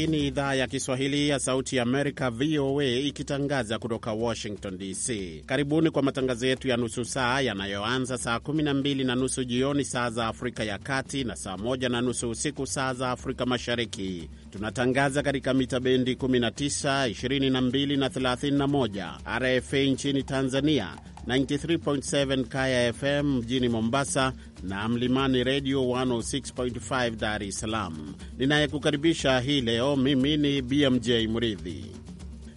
Hii ni idhaa ya Kiswahili ya Sauti ya Amerika, VOA, ikitangaza kutoka Washington DC. Karibuni kwa matangazo yetu ya nusu saa yanayoanza saa 12 na nusu jioni saa za Afrika ya Kati na saa 1 na nusu usiku saa za Afrika Mashariki. Tunatangaza katika mita bendi 19, 22 na 31, RFA nchini Tanzania 93.7 Kaya FM mjini Mombasa na Mlimani Redio 106.5 Dar es Salaam. Ninayekukaribisha hii leo mimi ni BMJ Mridhi.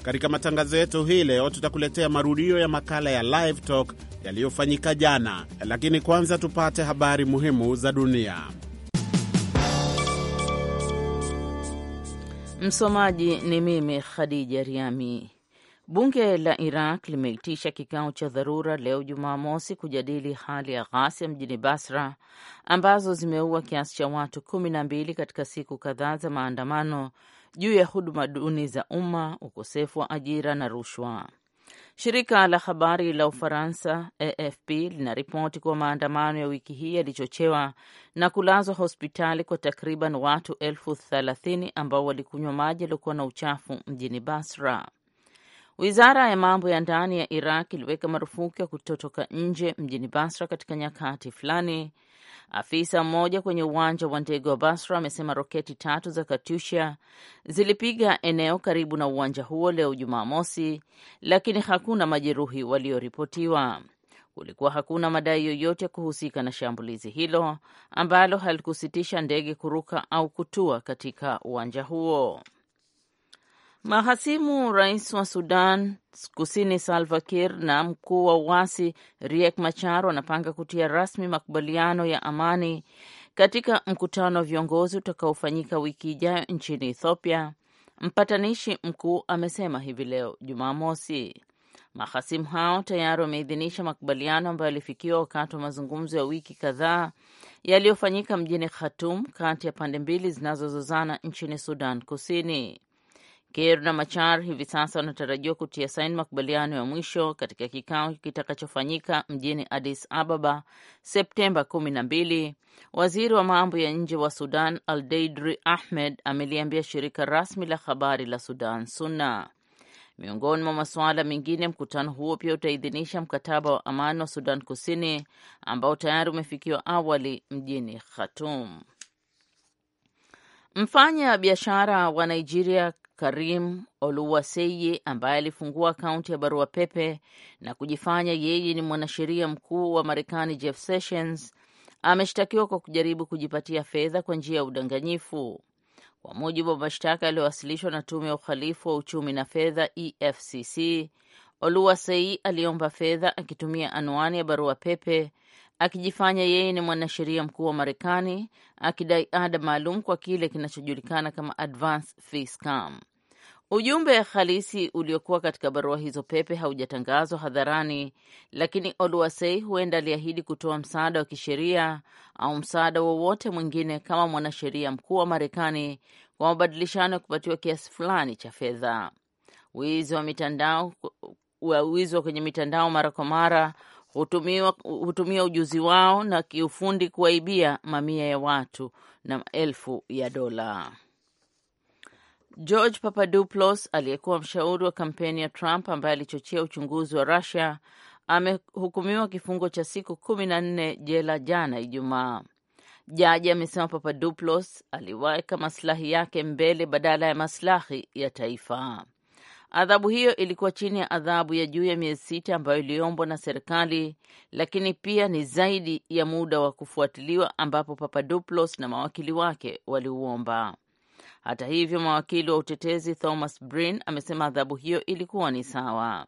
Katika matangazo yetu hii leo tutakuletea marudio ya makala ya Live Talk yaliyofanyika jana, lakini kwanza tupate habari muhimu za dunia. Msomaji ni mimi Khadija Riami. Bunge la Iraq limeitisha kikao cha dharura leo Jumamosi kujadili hali ya ghasia mjini Basra ambazo zimeua kiasi cha watu kumi na mbili katika siku kadhaa za maandamano juu ya huduma duni za umma, ukosefu wa ajira na rushwa. Shirika la habari la Ufaransa AFP linaripoti kuwa maandamano ya wiki hii yalichochewa na kulazwa hospitali kwa takriban watu elfu thelathini ambao walikunywa maji yaliokuwa na uchafu mjini Basra. Wizara ya mambo ya ndani ya Iraq iliweka marufuku ya kutotoka nje mjini Basra katika nyakati fulani Afisa mmoja kwenye uwanja wa ndege wa Basra amesema roketi tatu za Katyusha zilipiga eneo karibu na uwanja huo leo Jumamosi, lakini hakuna majeruhi walioripotiwa. Kulikuwa hakuna madai yoyote kuhusika na shambulizi hilo ambalo halikusitisha ndege kuruka au kutua katika uwanja huo. Mahasimu rais wa Sudan Kusini Salva Kiir na mkuu wa uasi Riek Machar wanapanga kutia rasmi makubaliano ya amani katika mkutano wa viongozi utakaofanyika wiki ijayo nchini Ethiopia. Mpatanishi mkuu amesema hivi leo Jumamosi. Mahasimu hao tayari wameidhinisha makubaliano ambayo yalifikiwa wakati wa mazungumzo ya wiki kadhaa yaliyofanyika mjini Khartoum kati ya pande mbili zinazozozana nchini Sudan Kusini. Kiir na Machar hivi sasa wanatarajiwa kutia saini makubaliano ya mwisho katika kikao kitakachofanyika mjini Addis Ababa Septemba kumi na mbili. Waziri wa mambo ya nje wa Sudan Aldeidri Ahmed ameliambia shirika rasmi la habari la Sudan SUNA. Miongoni mwa masuala mengine, mkutano huo pia utaidhinisha mkataba wa amani wa Sudan Kusini ambao tayari umefikiwa awali mjini Khartoum. Mfanya biashara wa Nigeria Karim Oluwaseye ambaye alifungua akaunti ya barua pepe na kujifanya yeye ni mwanasheria mkuu wa Marekani Jeff Sessions ameshtakiwa kwa kujaribu kujipatia fedha kwa njia ya udanganyifu, kwa mujibu wa mashtaka yaliyowasilishwa na tume ya uhalifu wa uchumi na fedha EFCC. Oluwasei aliomba fedha akitumia anwani ya barua pepe akijifanya yeye ni mwanasheria mkuu wa Marekani akidai ada maalum kwa kile kinachojulikana kama advance fee scam. Ujumbe halisi uliokuwa katika barua hizo pepe haujatangazwa hadharani, lakini Oluwasei huenda aliahidi kutoa msaada wa kisheria au msaada wowote mwingine kama mwanasheria mkuu wa Marekani kwa mabadilishano ya kupatiwa kiasi fulani cha fedha. Wizi wa mitandao wa wizi wa kwenye mitandao mara kwa mara hutumia ujuzi wao na kiufundi kuwaibia mamia ya watu na maelfu ya dola. George Papadopoulos aliyekuwa mshauri wa kampeni ya Trump ambaye alichochea uchunguzi wa rusia amehukumiwa kifungo cha siku kumi na nne jela jana Ijumaa. Jaji amesema Papadopoulos aliweka maslahi yake mbele badala ya maslahi ya taifa. Adhabu hiyo ilikuwa chini ya adhabu ya juu ya miezi sita ambayo iliombwa na serikali, lakini pia ni zaidi ya muda wa kufuatiliwa ambapo Papadopoulos na mawakili wake waliuomba. Hata hivyo, mawakili wa utetezi Thomas Breen amesema adhabu hiyo ilikuwa ni sawa.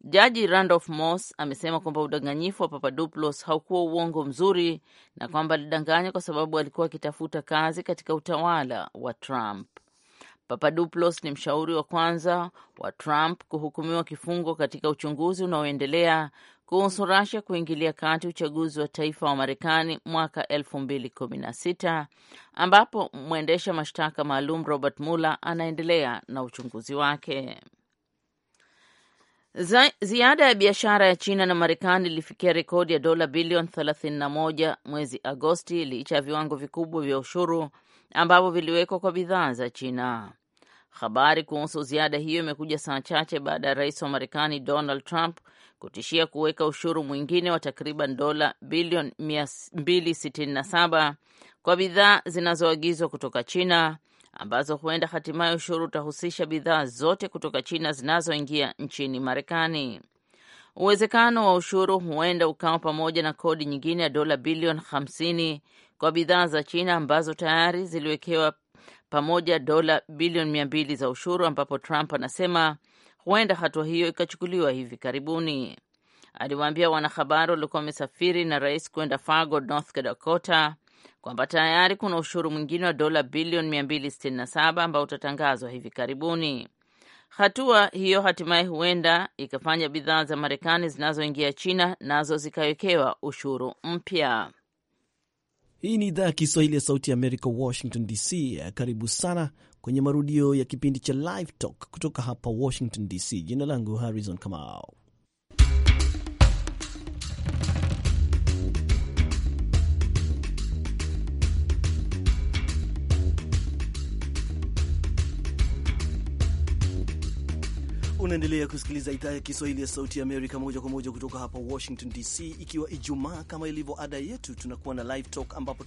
Jaji Randolph Moss amesema kwamba udanganyifu wa Papadopoulos haukuwa uongo mzuri na kwamba alidanganywa kwa sababu alikuwa akitafuta kazi katika utawala wa Trump. Papadopoulos ni mshauri wa kwanza wa Trump kuhukumiwa kifungo katika uchunguzi unaoendelea kuhusu Rasia kuingilia kati uchaguzi wa taifa wa Marekani mwaka 2016 ambapo mwendesha mashtaka maalum Robert Mueller anaendelea na uchunguzi wake. Ziada ya biashara ya China na Marekani ilifikia rekodi ya dola bilioni 31 mwezi Agosti licha ya viwango vikubwa vya ushuru ambavyo viliwekwa kwa bidhaa za China. Habari kuhusu ziada hiyo imekuja saa chache baada ya rais wa Marekani Donald Trump kutishia kuweka ushuru mwingine wa takriban dola bilioni 267 kwa bidhaa zinazoagizwa kutoka China ambazo huenda hatimaye ushuru utahusisha bidhaa zote kutoka China zinazoingia nchini Marekani. Uwezekano wa ushuru huenda ukawa pamoja na kodi nyingine ya dola bilioni 50 kwa bidhaa za China ambazo tayari ziliwekewa pamoja dola bilioni 200 za ushuru, ambapo Trump anasema Huenda hatua hiyo ikachukuliwa hivi karibuni. Aliwaambia wanahabari waliokuwa wamesafiri na rais kwenda Fargo, North Dakota kwamba tayari kuna ushuru mwingine wa dola bilioni 267 ambao utatangazwa hivi karibuni. Hatua hiyo hatimaye huenda ikafanya bidhaa za Marekani zinazoingia China nazo zikawekewa ushuru mpya. Hii ni idhaa ya Kiswahili ya Sauti ya Amerika, Washington DC. Karibu sana kwenye marudio ya kipindi cha Live Talk kutoka hapa Washington DC. Jina langu Harrison Kamau. Unaendelea kusikiliza idhaa ya Kiswahili ya Sauti ya Amerika moja kwa moja kutoka hapa Washington DC, ikiwa Ijumaa kama ilivyo ada yetu, tunakuwa na live talk ambapo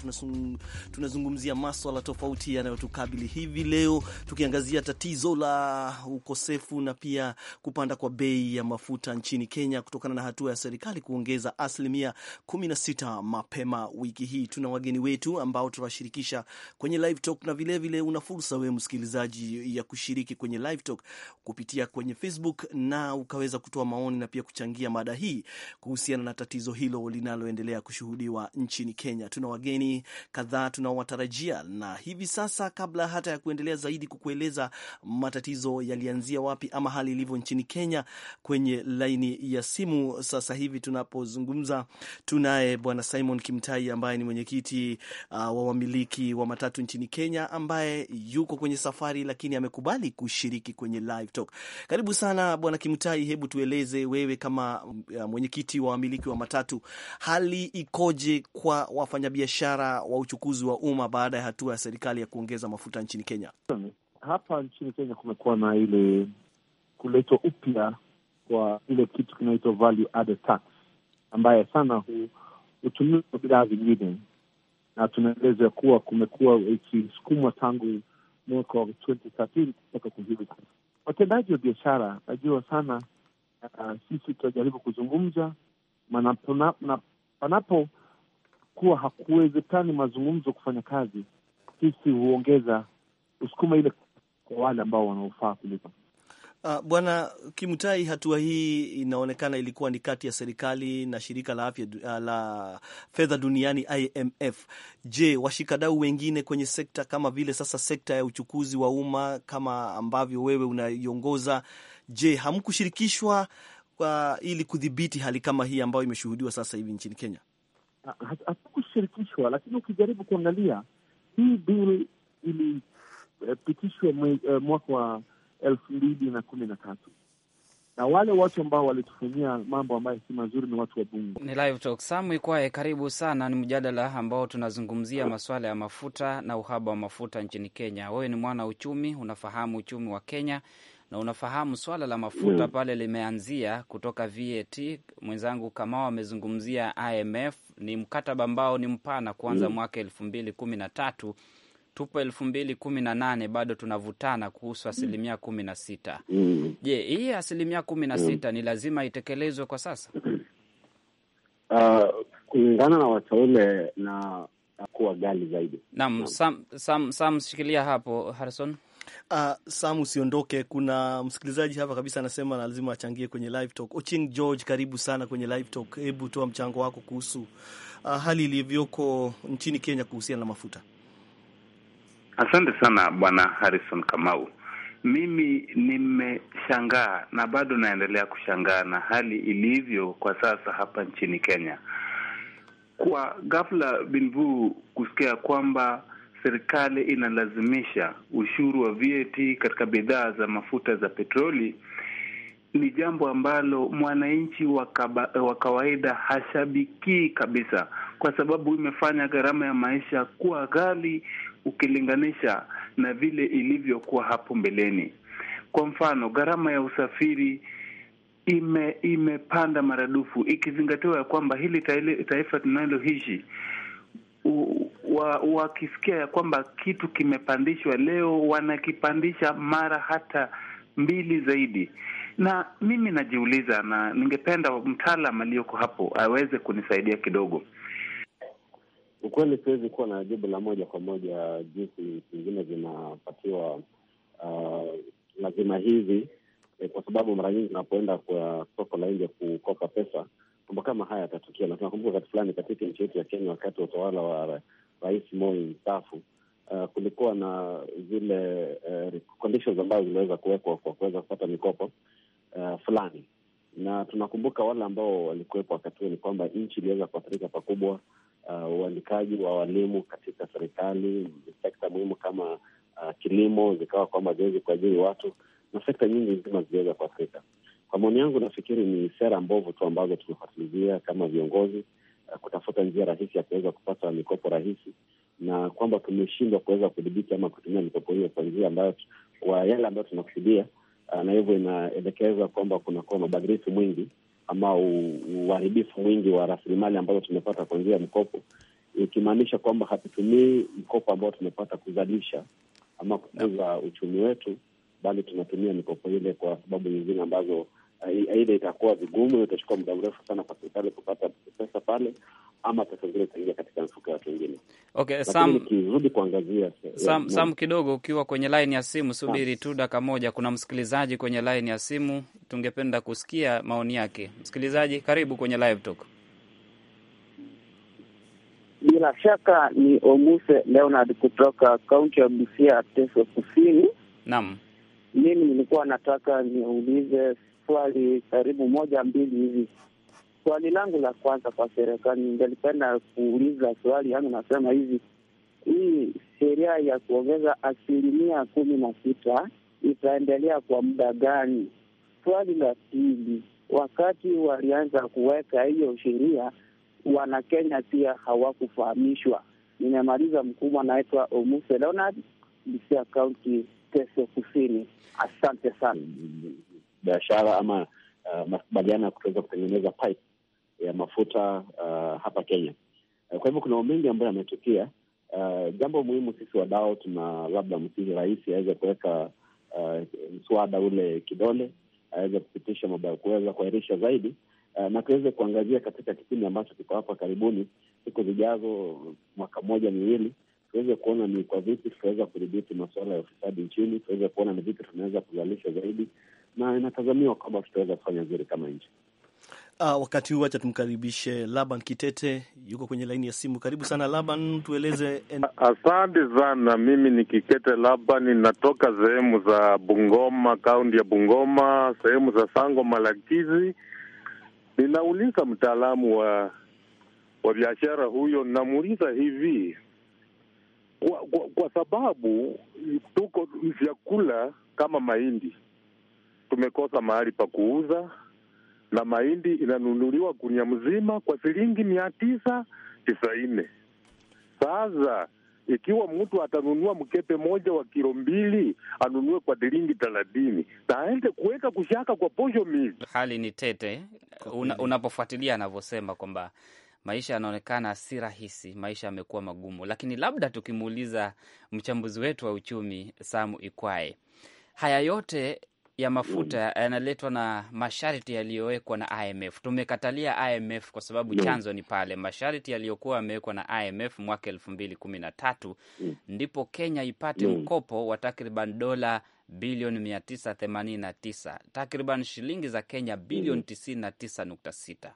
tunazungumzia maswala tofauti yanayotukabili hivi leo, tukiangazia tatizo la ukosefu na pia kupanda kwa bei ya mafuta nchini Kenya kutokana na hatua ya serikali kuongeza asilimia 16 mapema wiki hii. Tuna wageni wetu ambao tutawashirikisha kwenye live talk, na vilevile una fursa wewe msikilizaji ya kushiriki kwenye live talk kupitia kwenye Facebook na ukaweza kutoa maoni na pia kuchangia mada hii kuhusiana na tatizo hilo linaloendelea kushuhudiwa nchini Kenya. Tuna wageni kadhaa tunaowatarajia, na hivi sasa, kabla hata ya kuendelea zaidi kukueleza matatizo yalianzia wapi ama hali ilivyo nchini Kenya, kwenye laini ya simu sasa hivi tunapozungumza, tunaye Bwana Simon Kimtai ambaye ni mwenyekiti uh, wa wamiliki wa matatu nchini Kenya ambaye yuko kwenye safari lakini amekubali kushiriki kwenye live talk. Karibu karibu sana Bwana Kimutai, hebu tueleze wewe kama uh, mwenyekiti wa wamiliki wa matatu, hali ikoje kwa wafanyabiashara wa uchukuzi wa umma baada ya hatua ya serikali ya kuongeza mafuta nchini Kenya? Hapa nchini Kenya kumekuwa na ile kuletwa upya kwa ile kitu kinaitwa value added tax, ambaye sana hutumiwa bidhaa vingine, na tunaeleza kuwa kumekuwa ikisukumwa tangu mwaka wa 2013 kutoka kwa hivi sasa Watendaji wa biashara, najua sana uh, sisi tunajaribu kuzungumza panapo kuwa hakuwezekani mazungumzo kufanya kazi, sisi huongeza usukuma ile kwa wale ambao wanaofaa kuliko Uh, Bwana Kimutai, hatua hii inaonekana ilikuwa ni kati ya serikali na shirika la afya ah, la fedha duniani IMF. Je, washikadau wengine kwenye sekta kama vile sasa sekta ya uchukuzi wa umma kama ambavyo wewe unaiongoza, je, hamkushirikishwa uh, ili kudhibiti hali kama hii ambayo imeshuhudiwa sasa hivi nchini Kenya? Ah, Hatukushirikishwa, lakini ukijaribu kuangalia hii bill ilipitishwa eh, eh, mwaka wa elfu mbili na kumi na tatu na wale watu ambao walitufanyia mambo ambayo si mazuri ni watu wa Bungo. Ni Live Talk. Sam karibu sana. Ni mjadala ambao tunazungumzia masuala ya mafuta na uhaba wa mafuta nchini Kenya. Wewe ni mwana uchumi, unafahamu uchumi wa Kenya na unafahamu swala la mafuta mm. pale limeanzia kutoka VAT. Mwenzangu Kamao amezungumzia IMF, ni mkataba ambao ni mpana kuanza mm. mwaka elfu mbili kumi na tatu tupo elfu mbili kumi na nane bado tunavutana kuhusu asilimia kumi na sita. Mm-hmm. Je, hii asilimia kumi na mm-hmm. sita ni lazima itekelezwe kwa sasa? Uh, kulingana na wateule na kuwa gali zaidi. Naam, Sam, Sam, Sam shikilia hapo Harrison. Uh, Sam usiondoke, kuna msikilizaji hapa kabisa anasema na lazima achangie kwenye live talk. George, karibu sana kwenye live talk, hebu toa mchango wako kuhusu uh, hali ilivyoko nchini Kenya kuhusiana na mafuta. Asante sana Bwana Harrison Kamau. Mimi nimeshangaa na bado naendelea kushangaa na hali ilivyo kwa sasa hapa nchini Kenya. Kwa ghafla bin kusikia kwamba serikali inalazimisha ushuru wa VAT katika bidhaa za mafuta za petroli ni jambo ambalo mwananchi wa kawaida hashabikii kabisa, kwa sababu imefanya gharama ya maisha kuwa ghali ukilinganisha na vile ilivyokuwa hapo mbeleni. Kwa mfano, gharama ya usafiri ime- imepanda maradufu ikizingatiwa ya kwamba hili taifa tunaloishi wakisikia wa ya kwamba kitu kimepandishwa leo wanakipandisha mara hata mbili zaidi. Na mimi najiuliza, na ningependa mtaalam aliyoko hapo aweze kunisaidia kidogo. Ukweli siwezi kuwa na jibu la moja kwa moja jinsi zingine zinapatiwa uh, lazima hizi eh, kwa sababu mara nyingi unapoenda kwa soko la nje kukopa pesa, mambo kama haya yatatukia, na tunakumbuka wakati fulani katika nchi yetu ya Kenya wakati wa utawala wa Rais Moi mstaafu Uh, kulikuwa na zile uh, conditions ambazo ziliweza kuwekwa kwa kuweza kupata mikopo uh, fulani, na tunakumbuka wale ambao walikuwepo wakati huo ni kwamba nchi iliweza kuathirika pakubwa, uandikaji uh, wa walimu katika serikali, sekta muhimu kama uh, kilimo zikawa kwamba ziwezi kuajiri watu na sekta nyingi nzima ziliweza kuathirika. Kwa maoni yangu, nafikiri ni sera mbovu tu ambazo tumefuatilia kama viongozi uh, kutafuta njia rahisi ya kuweza kupata mikopo rahisi na kwamba tumeshindwa kuweza kudhibiti ama kutumia mikopo hiyo kwa njia ambayo kwa yale ambayo tunakusudia, uh, na hivyo inaelekeza kwamba kunakuwa mabadhirifu mwingi ama uharibifu mwingi wa rasilimali ambazo tumepata kwa njia ya mkopo, ikimaanisha kwamba hatutumii mkopo ambao tumepata kuzalisha ama kukuza uchumi wetu, bali tunatumia mikopo ile kwa sababu nyingine ambazo aidha itakuwa vigumu, itachukua muda mrefu sana kwa serikali kupata pesa pale, ama pesa zingine zitaingia katika mfuko ya watu wengine. Okay, Sam, kuangazia Sam, Sam kidogo, ukiwa kwenye laini ya simu subiri tu dakika moja, kuna msikilizaji kwenye laini ya simu, tungependa kusikia maoni yake. Msikilizaji, karibu kwenye live talk. Bila shaka ni Omuse Leonard kutoka kaunti ya Busia, Teso Kusini. Naam, mimi nilikuwa nataka niulize swali karibu moja mbili hivi. Swali langu la kwanza kwa serikali, ningelipenda kuuliza swali yangu, nasema hivi, hii sheria ya kuongeza asilimia kumi na sita itaendelea kwa muda gani? Swali la pili, wakati walianza kuweka hiyo sheria, Wanakenya pia hawakufahamishwa. Nimemaliza mkubwa, anaitwa Omuse Leonard, Busia Kaunti, Teso Kusini. Asante sana biashara ama uh, makubaliano ya kutoweza kutengeneza pipe ya mafuta uh, hapa Kenya. Uh, kwa hivyo kuna mengi ambayo yametokea. Uh, jambo muhimu sisi wadau tuna labda msihi rais aweze kuweka uh, mswada ule kidole aweze kupitisha mambo ya kuweza kuahirisha zaidi uh, na tuweze kuangazia katika kipindi ambacho kiko hapa karibuni, siku zijazo, mwaka mmoja miwili, tuweze kuona ni kwa vipi tutaweza kudhibiti masuala ya ufisadi nchini, tuweze kuona ni vipi tunaweza kuzalisha zaidi, na inatazamiwa kwamba tutaweza kufanya vizuri kama nchi. Uh, wakati huu acha tumkaribishe Laban Kitete, yuko kwenye laini ya simu. Karibu sana Laban, tueleze en... Asante sana. Mimi ni Kikete Laban, natoka sehemu za Bungoma, kaunti ya Bungoma, sehemu za Sango Malakizi. Ninauliza mtaalamu wa wa biashara huyo, namuuliza hivi kwa, kwa, kwa sababu tuko vyakula kama mahindi tumekosa mahali pa kuuza, na mahindi inanunuliwa gunia mzima kwa shilingi mia tisa tisaini. Sasa ikiwa mtu atanunua mkepe moja wa kilo mbili anunue kwa shilingi thelathini na aende kuweka kushaka kwa posho mingi. Hali ni tete. Una, unapofuatilia anavyosema kwamba maisha yanaonekana si rahisi, maisha yamekuwa magumu, lakini labda tukimuuliza mchambuzi wetu wa uchumi Samu Ikwae, haya yote ya mafuta mm. yanaletwa na masharti yaliyowekwa na IMF. Tumekatalia IMF kwa sababu mm. chanzo ni pale masharti yaliyokuwa yamewekwa na IMF mwaka elfu mbili kumi na tatu mm. ndipo Kenya ipate mkopo wa takriban dola bilioni mia tisa themanini na tisa takriban shilingi za Kenya bilioni tisini na tisa nukta sita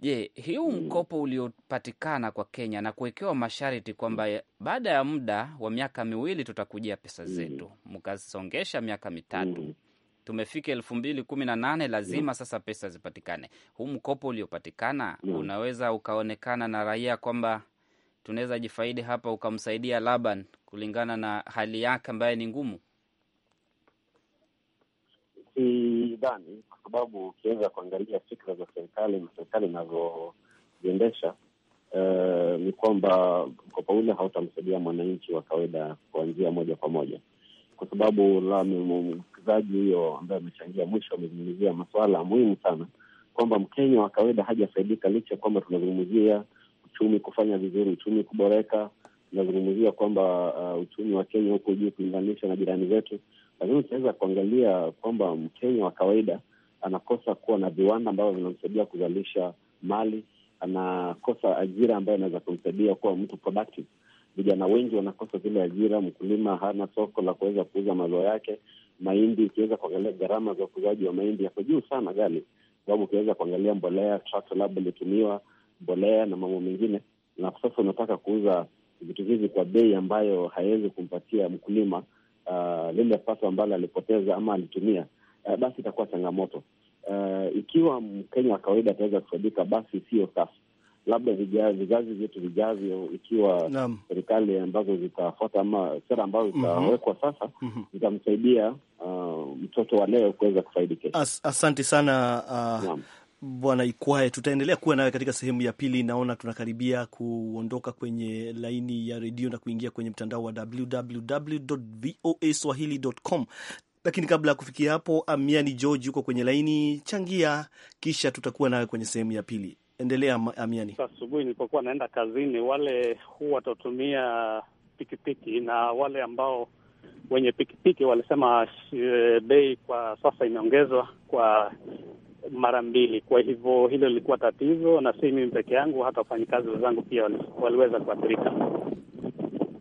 Je, huu hmm. mkopo uliopatikana kwa Kenya na kuwekewa masharti kwamba baada ya muda wa miaka miwili tutakujia pesa hmm. zetu, mkasongesha miaka mitatu, hmm. tumefika elfu mbili kumi na nane lazima sasa pesa zipatikane. Huu mkopo uliopatikana unaweza ukaonekana na raia kwamba tunaweza jifaidi hapa, ukamsaidia Laban kulingana na hali yake ambaye ni ngumu. Sidhani, kwa sababu ukiweza kuangalia fikra za serikali na serikali inazoziendesha uh, ni kwamba mkopo ule hautamsaidia mwananchi wa kawaida kwa njia moja kwa moja, kwa sababu la mwekezaji huyo ambaye amechangia mwisho amezungumzia masuala muhimu sana, kwamba Mkenya wa kawaida hajafaidika, licha ya kwamba tunazungumzia uchumi kufanya vizuri, uchumi kuboreka, tunazungumzia kwamba uh, uchumi wa Kenya huko juu kulinganisha na jirani zetu lakini ukiweza kuangalia kwamba Mkenya wa kawaida anakosa kuwa na viwanda ambavyo vinamsaidia kuzalisha mali, anakosa ajira ambayo inaweza kumsaidia kuwa mtu productive. Vijana wengi wanakosa zile ajira, mkulima hana soko la kuweza kuuza mazao yake. Mahindi, ukiweza kuangalia gharama za ukuzaji wa mahindi yako juu sana, gali sababu, ukiweza kuangalia mbolea, trakta labda ilitumiwa mbolea na mambo mengine, na sasa unataka kuuza vitu hivi kwa bei ambayo haiwezi kumpatia mkulima uh, lile pato ambalo alipoteza ama alitumia, uh, basi itakuwa changamoto uh, ikiwa Mkenya wa kawaida ataweza kufaidika, basi sio sasa, labda vizazi vyetu vijavyo, ikiwa serikali ambazo zitafuata ama sera ambazo mhm. zitawekwa mm -hmm. sasa mm -hmm. zitamsaidia uh, mtoto wa leo kuweza kufaidi As, asante sana uh, Bwana Ikwae, tutaendelea kuwa nawe katika sehemu ya pili. Naona tunakaribia kuondoka kwenye laini ya redio na kuingia kwenye mtandao wa www.voaswahili.com, lakini kabla ya kufikia hapo, Amiani George yuko kwenye laini. Changia, kisha tutakuwa nawe kwenye sehemu ya pili. Endelea Amiani. Asubuhi nilipokuwa naenda kazini, wale huu watatumia pikipiki na wale ambao wenye pikipiki walisema eh, bei kwa sasa imeongezwa kwa mara mbili. Kwa hivyo hilo lilikuwa tatizo, na si mimi peke yangu, hata wafanyikazi wenzangu pia waliweza kuathirika.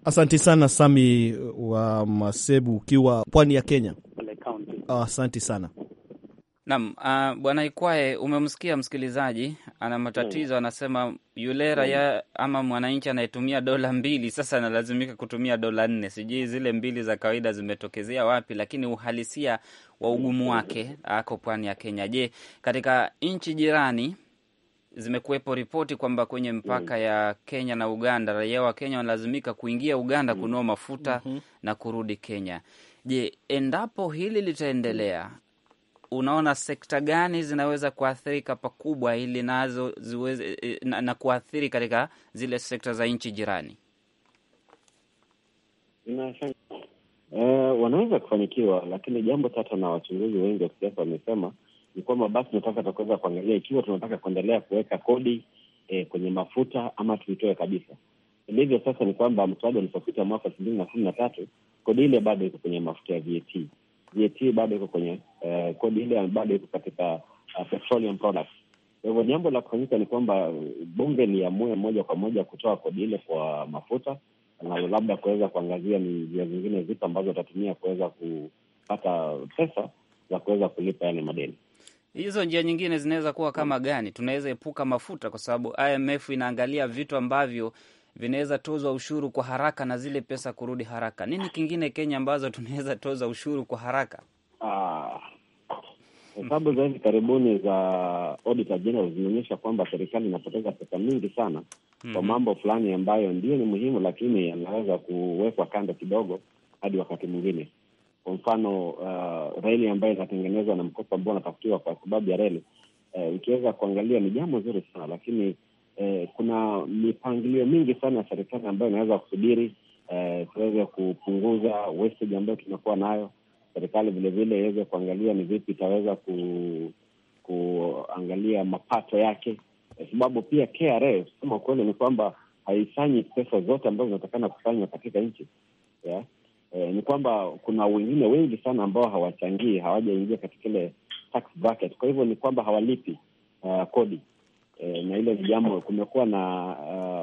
asanti sana Sami wa Masebu, ukiwa pwani ya Kenya. Asanti sana. Naam, uh, Bwana Ikwae, umemsikia msikilizaji ana matatizo mm. Anasema yule raia ama mwananchi anayetumia dola mbili sasa analazimika kutumia dola nne. Sijui zile mbili za kawaida zimetokezea wapi, lakini uhalisia wa ugumu wake ako pwani ya Kenya. Je, katika nchi jirani zimekuwepo ripoti kwamba kwenye mpaka mm. ya Kenya na Uganda raia wa Kenya wanalazimika kuingia Uganda kunua mafuta mm -hmm. na kurudi Kenya. Je, endapo hili litaendelea, unaona sekta gani zinaweza kuathirika pakubwa, ili nazo ziweze eh, eh, na, na kuathiri katika zile sekta za nchi jirani? Uh, wanaweza kufanikiwa, lakini jambo tata na wachunguzi wengi wa kisiasa wamesema ni kwamba basi tunataka tukaweza kuangalia ikiwa tunataka kuendelea kuweka kodi eh, kwenye mafuta ama tuitoe kabisa. Ilivyo sasa ni kwamba mswada ulipopita mwaka elfu mbili na kumi na tatu kodi ile bado iko kwenye mafuta ya VAT. VAT bado iko kwenye Eh, kodi ile bado iko katika uh, petroleum products. Kwa hivyo jambo la kufanyika ni kwamba eh, bunge liamue moja kwa moja kutoa kodi ile kwa mafuta na labda kuweza kuangazia ni njia zingine vitu ambazo watatumia kuweza kupata pesa za kuweza kulipa yale madeni. Hizo njia nyingine zinaweza kuwa kama gani? Tunaweza epuka mafuta, kwa sababu IMF inaangalia vitu ambavyo vinaweza tozwa ushuru kwa haraka na zile pesa kurudi haraka. Nini kingine Kenya ambazo tunaweza toza ushuru kwa haraka? Ah, hesabu za hivi karibuni za Auditor General zinaonyesha kwamba serikali inapoteza pesa mingi sana mm -hmm. kwa mhm. mambo fulani ambayo ndio ni muhimu, lakini yanaweza kuwekwa kando kidogo hadi wakati mwingine. Kwa mfano uh, reli ambayo inatengenezwa na mkopo ambao unatafutiwa kwa sababu ya reli uh, eh, ikiweza kuangalia ni jambo zuri sana, lakini uh, kuna mipangilio mingi sana ya serikali ambayo inaweza kusubiri tuweze eh, kupunguza wastage ambayo tunakuwa nayo na serikali vilevile iweze kuangalia ni vipi itaweza ku, kuangalia mapato yake, sababu pia KRA kusema ukweli ni kwamba haifanyi pesa zote ambazo zinatakana kufanywa katika nchi yeah. E, ni kwamba kuna wengine wengi sana ambao hawachangii, hawajaingia katika ile tax bracket. Kwa hivyo ni kwamba hawalipi uh, kodi e, na ile jambo, kumekuwa na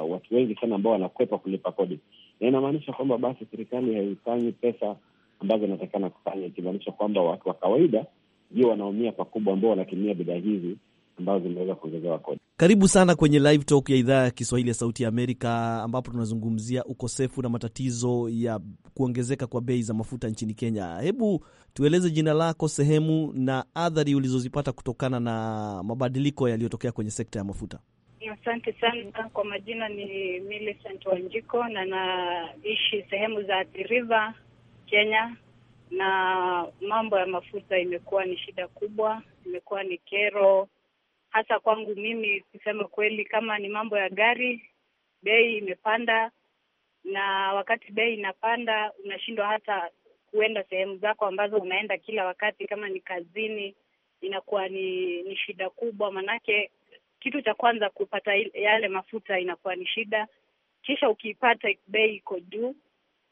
uh, watu wengi sana ambao wanakwepa kulipa kodi, na inamaanisha kwamba basi serikali haifanyi pesa ambazo inatakikana kufanya, ikimaanisha kwamba watu wa kawaida ndio wanaumia pakubwa, ambao wanatumia bidhaa hizi ambazo zimeweza kuongezewa kodi. Karibu sana kwenye Live Talk ya idhaa ya Kiswahili ya Sauti ya Amerika, ambapo tunazungumzia ukosefu na matatizo ya kuongezeka kwa bei za mafuta nchini Kenya. Hebu tueleze jina lako, sehemu na athari ulizozipata kutokana na mabadiliko yaliyotokea kwenye sekta ya mafuta. Asante sana. Kwa majina ni Millicent Wanjiko na naishi sehemu za Athi River Kenya, na mambo ya mafuta imekuwa ni shida kubwa, imekuwa ni kero hasa kwangu mimi. Kusema kweli, kama ni mambo ya gari, bei imepanda, na wakati bei inapanda unashindwa hata kuenda sehemu zako ambazo unaenda kila wakati. Kama ni kazini, inakuwa ni ni shida kubwa, manake kitu cha kwanza kupata yale mafuta inakuwa ni shida, kisha ukiipata bei iko juu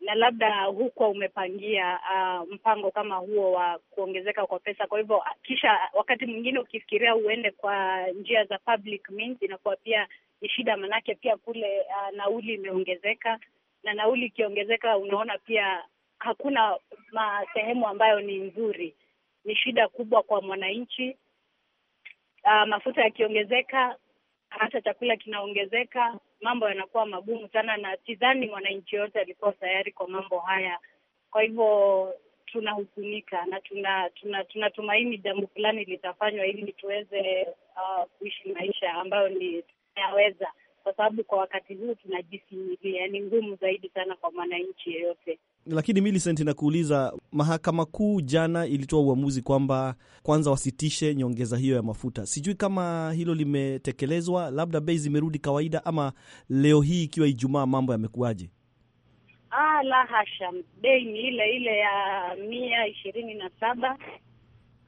na labda huko umepangia uh, mpango kama huo wa kuongezeka kwa pesa. Kwa hivyo uh, kisha wakati mwingine ukifikiria uende kwa njia za public means inakuwa pia ni shida, manake pia kule uh, nauli imeongezeka, na nauli ikiongezeka, unaona pia hakuna sehemu ambayo ni nzuri, ni shida kubwa kwa mwananchi. Uh, mafuta yakiongezeka, hata chakula kinaongezeka mambo yanakuwa magumu sana, na sidhani mwananchi yote alikuwa tayari kwa mambo haya. Kwa hivyo tunahuzunika na tunatumaini tuna, tuna jambo fulani litafanywa ili tuweze uh, kuishi maisha ambayo ni tunayaweza, kwa sababu kwa wakati huu tunajisimilia, ni ngumu zaidi sana kwa mwananchi yeyote. Lakini Millicent, nakuuliza, mahakama kuu jana ilitoa uamuzi kwamba kwanza wasitishe nyongeza hiyo ya mafuta. Sijui kama hilo limetekelezwa, labda bei zimerudi kawaida, ama leo hii ikiwa Ijumaa mambo yamekuwaje? Ah, la hasha, bei ni ile ile ya mia ishirini na saba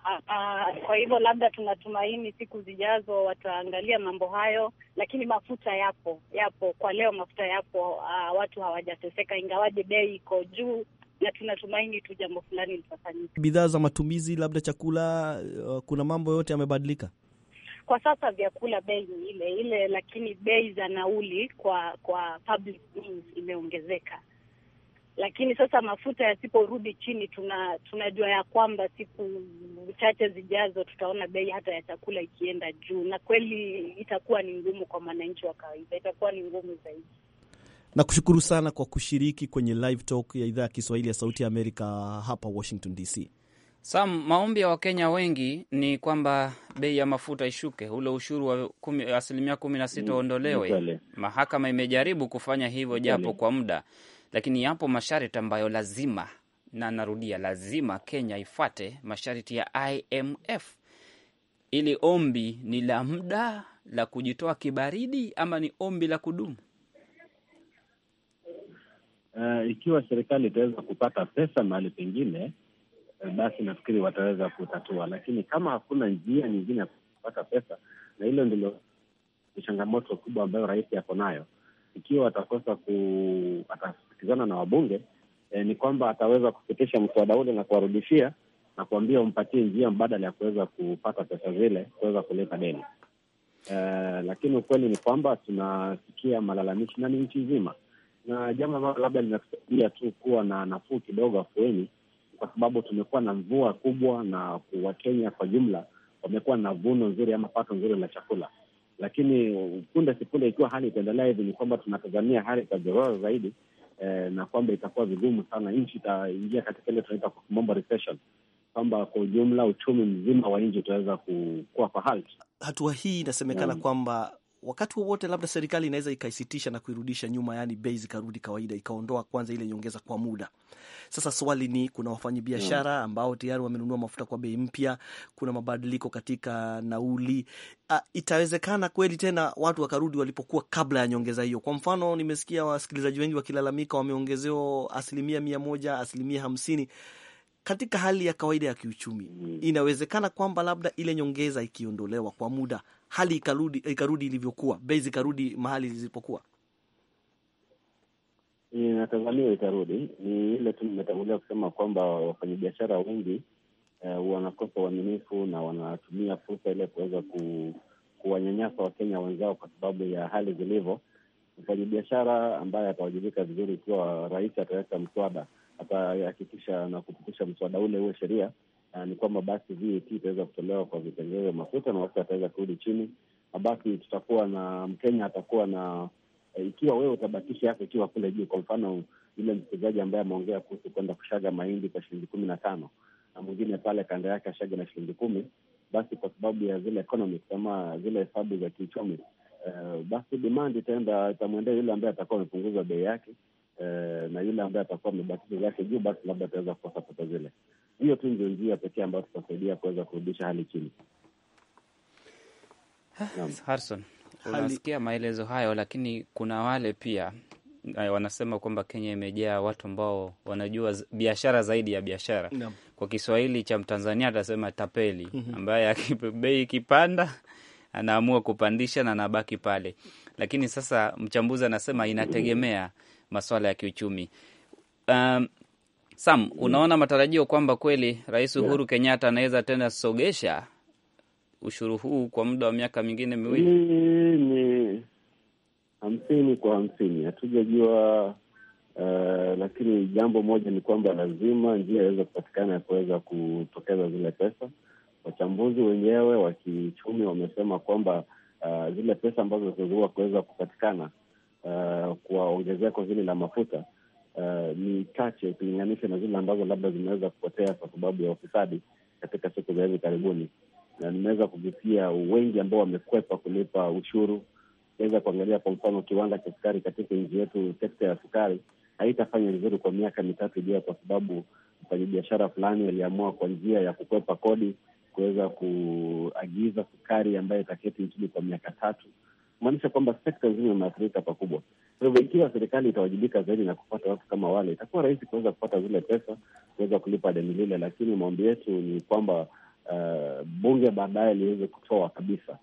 Ah, ah, kwa hivyo labda tunatumaini siku zijazo wataangalia mambo hayo, lakini mafuta yapo, yapo kwa leo, mafuta yapo. aa, ah, watu hawajateseka, ingawaje bei iko juu, na tunatumaini tu jambo fulani litafanyika. Bidhaa za matumizi, labda chakula, eh, kuna mambo yote yamebadilika kwa sasa. Vyakula bei ni ile ile, lakini bei za nauli kwa kwa public means imeongezeka lakini sasa mafuta yasiporudi chini, tuna tunajua ya kwamba siku chache zijazo tutaona bei hata ya chakula ikienda juu, na kweli itakuwa ni ngumu kwa mwananchi wa kawaida, itakuwa ni ngumu zaidi. Nakushukuru sana kwa kushiriki kwenye live talk ya idhaa ya Kiswahili ya Sauti ya Amerika hapa Washington DC. Sam, maombi ya Wakenya wengi ni kwamba bei ya mafuta ishuke, ule ushuru wa asilimia kumi na sita uondolewe. Mahakama imejaribu kufanya hivyo japo kwa muda lakini yapo masharti ambayo lazima, na narudia, lazima Kenya ifuate masharti ya IMF. Ili ombi ni la muda la kujitoa kibaridi ama ni ombi la kudumu? Uh, ikiwa serikali itaweza kupata pesa mahali pengine, uh, basi nafikiri wataweza kutatua, lakini kama hakuna njia nyingine ya kupata pesa, na hilo ndilo changamoto kubwa ambayo rais yako nayo ikiwa atakosa ku atasikizana na wabunge e, ni kwamba ataweza kupitisha mswada ule na kuwarudishia na kuambia umpatie njia mbadala ya kuweza kupata pesa zile kuweza kulipa deni e, lakini ukweli ni kwamba tunasikia malalamishi na ni nchi nzima, na jambo ambalo labda linatusaidia tu kuwa na nafuu kidogo, afueni, kwa sababu tumekuwa na mvua kubwa na Wakenya kwa jumla wamekuwa na vuno nzuri ama pato nzuri la chakula lakini punde sipunde, ikiwa hali itaendelea hivi, ni kwamba tunatazamia hali itazorora zaidi eh, na kwamba itakuwa vigumu sana, nchi itaingia katika ile tunaita kwa kimombo recession, kwamba kwa ujumla uchumi mzima wa nchi utaweza kukua kwa hali. Hatua hii inasemekana yeah, kwamba wakati wowote labda serikali inaweza ikaisitisha na kuirudisha nyuma, yani bei zikarudi kawaida, ikaondoa kwanza ile nyongeza kwa muda. Sasa swali ni kuna wafanyabiashara mm. ambao tayari wamenunua mafuta kwa bei mpya, kuna mabadiliko katika nauli. Uh, itawezekana kweli tena watu wakarudi walipokuwa kabla ya nyongeza hiyo? Kwa mfano, nimesikia wasikilizaji wengi wakilalamika wameongezewa asilimia mia moja, asilimia hamsini katika hali ya kawaida ya kiuchumi mm. Inawezekana kwamba labda ile nyongeza ikiondolewa kwa muda, hali ikarudi, ikarudi ilivyokuwa, bei zikarudi mahali zilipokuwa inatazamiwa itarudi. Ni ile tu nimetangulia kusema kwamba wafanyabiashara wengi uh, wanakosa uaminifu na wanatumia fursa ile kuweza ku, kuwanyanyasa Wakenya wenzao kwa sababu ya hali zilivyo. Mfanyabiashara ambaye atawajibika vizuri, ikiwa rais ataweka mswada, atahakikisha na kupitisha mswada ule uwe sheria, uh, ni kwamba basi VAT itaweza kutolewa kwa vitengeo vya mafuta na watu ataweza kurudi chini, na basi tutakuwa na Mkenya atakuwa na e, ikiwa wewe utabakisha yako ikiwa kule juu. Kwa mfano yule mchezaji ambaye ameongea kuhusu kwenda kushaga mahindi kwa shilingi kumi na tano na mwingine pale kando yake ashaga na shilingi kumi, basi kwa sababu ya zile economics ama zile hesabu za kiuchumi e, basi demand itaenda itamwendea yule ambaye atakuwa amepunguza bei yake e, na yule ambaye atakuwa amebakisha zake juu, basi labda ataweza kukosa pesa zile. Hiyo tu ndio njia pekee ambayo tutasaidia kuweza kurudisha hali chini. Ah, Harrison unasikia maelezo hayo, lakini kuna wale pia eh, wanasema kwamba Kenya imejaa watu ambao wanajua biashara zaidi ya biashara Kwa Kiswahili cha Mtanzania atasema tapeli mm -hmm. ambaye bei ikipanda anaamua kupandisha na anabaki pale, lakini sasa mchambuzi anasema inategemea maswala ya kiuchumi. Um, Sam, unaona matarajio kwamba kweli Rais Uhuru yeah. Kenyatta anaweza tena sogesha ushuru huu kwa muda wa miaka mingine miwili? Ni hamsini kwa hamsini, hatujajua uh, lakini jambo moja ni kwamba lazima njia iweze kupatikana ya kuweza kutokeza zile pesa. Wachambuzi wenyewe wa kiuchumi wamesema kwamba uh, zile pesa ambazo zinazua kuweza kupatikana uh, kwa ongezeko hili la mafuta Uh, ni chache ukilinganisha na zile ambazo labda zimeweza kupotea kwa sababu ya ufisadi katika siku za hivi karibuni na nimeweza kugusia wengi ambao wamekwepa kulipa ushuru. Naweza kuangalia kwa mfano kiwanda cha sukari katika nchi yetu, sekta ya sukari haitafanya vizuri kwa miaka mitatu ijayo, kwa sababu mfanyabiashara fulani aliamua kwa njia ya kukwepa kodi kuweza kuagiza sukari ambayo itaketi nchini kwa miaka tatu, kumaanisha kwamba sekta nzima imeathirika pakubwa. Kwa hivyo ikiwa serikali itawajibika zaidi na kupata watu kama wale, itakuwa rahisi kuweza kupata zile pesa kuweza kulipa deni lile, lakini maombi yetu ni kwamba uh, bunge baadaye liweze kutoa kabisa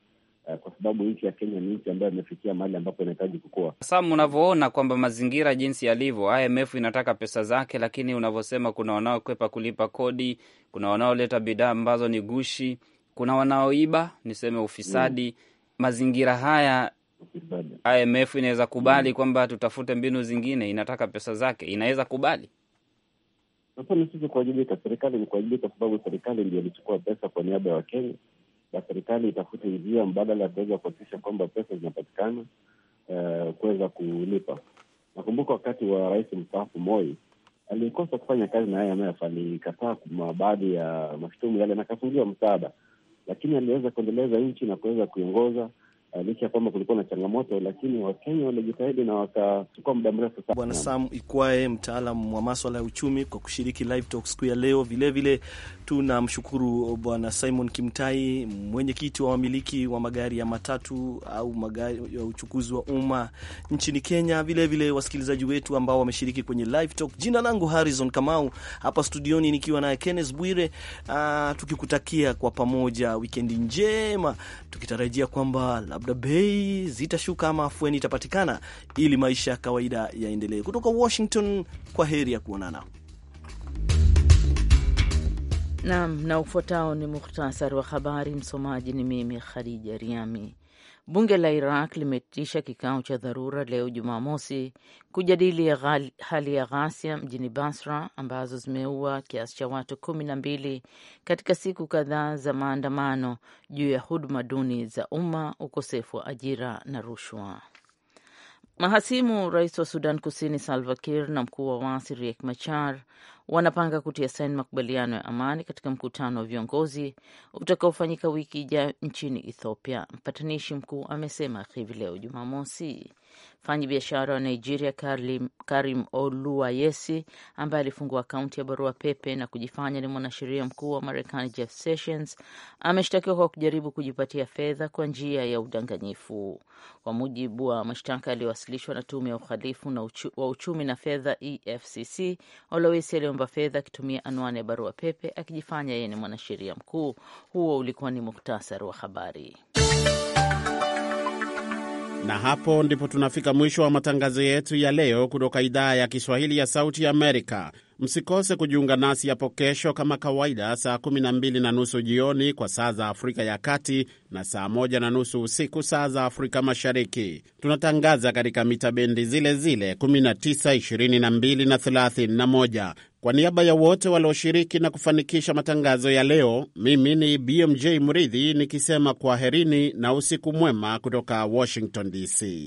uh, kwa sababu nchi ya Kenya ni nchi ambayo imefikia mahali ambapo inahitaji kukua. Sam, unavyoona kwamba mazingira jinsi yalivyo, IMF inataka pesa zake, lakini unavyosema kuna wanaokwepa kulipa kodi, kuna wanaoleta bidhaa ambazo ni gushi, kuna wanaoiba, niseme ufisadi mm. Mazingira haya ufisadi. IMF inaweza kubali mm. kwamba tutafute mbinu zingine, inataka pesa zake, inaweza kubali ni sisi kuwajibika, serikali ni kuwajibika, sababu serikali ndio ilichukua pesa kwa niaba ya Wakenya, na serikali itafute njia mbadala ya kuweza kuhakikisha kwamba pesa zinapatikana eh, kuweza kulipa. Nakumbuka wakati wa rais mstaafu Moi alikosa kufanya kazi na IMF, alikataa baadhi ya mashutumu yale na akafungiwa msaada, lakini aliweza kuendeleza nchi na kuweza kuiongoza Ah, licha ya kwamba kulikuwa na changamoto, lakini Wakenya walijitahidi na wakachukua muda mrefu sana. Bwana Sam Ikwae, mtaalam wa maswala ya uchumi, kwa kushiriki live talk siku ya leo. Vilevile tunamshukuru Bwana Simon Kimtai, mwenyekiti wa wamiliki wa magari ya matatu au magari ya uchukuzi wa umma nchini Kenya, vilevile wasikilizaji wetu ambao wameshiriki kwenye live talk. Jina langu Harrison Kamau, hapa studioni nikiwa naye Kenneth Bwire, ah, tukikutakia kwa pamoja wikendi njema, tukitarajia kwamba labda bei zitashuka ama afueni itapatikana ili maisha ya kawaida yaendelee. Kutoka Washington, kwa heri ya kuonana. Naam, na ufuatao ni muhtasari wa habari. Msomaji ni mimi Khadija Riami. Bunge la Iraq limetisha kikao cha dharura leo Jumamosi kujadili hali ya ghasia mjini Basra ambazo zimeua kiasi cha watu kumi na mbili katika siku kadhaa za maandamano juu ya huduma duni za umma, ukosefu wa ajira na rushwa. Mahasimu rais wa Sudan Kusini Salva Kiir na mkuu wa waasi Riek Machar wanapanga kutia saini makubaliano ya amani katika mkutano wa viongozi utakaofanyika wiki ijayo nchini Ethiopia. Mpatanishi mkuu amesema hivi leo Jumamosi biashara wa Nigeria Karim, Karim Oluwayesi ambaye alifungua akaunti ya barua pepe na kujifanya ni mwanasheria mkuu wa Marekani Jeff Sessions ameshtakiwa kwa kujaribu kujipatia fedha kwa njia ya udanganyifu, kwa mujibu wa mashtaka yaliyowasilishwa na tume ya uhalifu na uchu, wa uchumi na fedha EFCC. Oluwayesi aliomba fedha akitumia anwani ya barua pepe akijifanya yeye ni mwanasheria mkuu. Huo ulikuwa ni muktasari wa habari. Na hapo ndipo tunafika mwisho wa matangazo yetu ya leo kutoka idhaa ya Kiswahili ya Sauti Amerika. Msikose kujiunga nasi hapo kesho kama kawaida, saa 12 na nusu jioni kwa saa za Afrika ya Kati na saa 1 na nusu usiku saa za Afrika Mashariki. Tunatangaza katika mita bendi zile zile 19, 22 na 31. Kwa niaba ya wote walioshiriki na kufanikisha matangazo ya leo, mimi ni BMJ Mridhi nikisema kwaherini na usiku mwema kutoka Washington DC.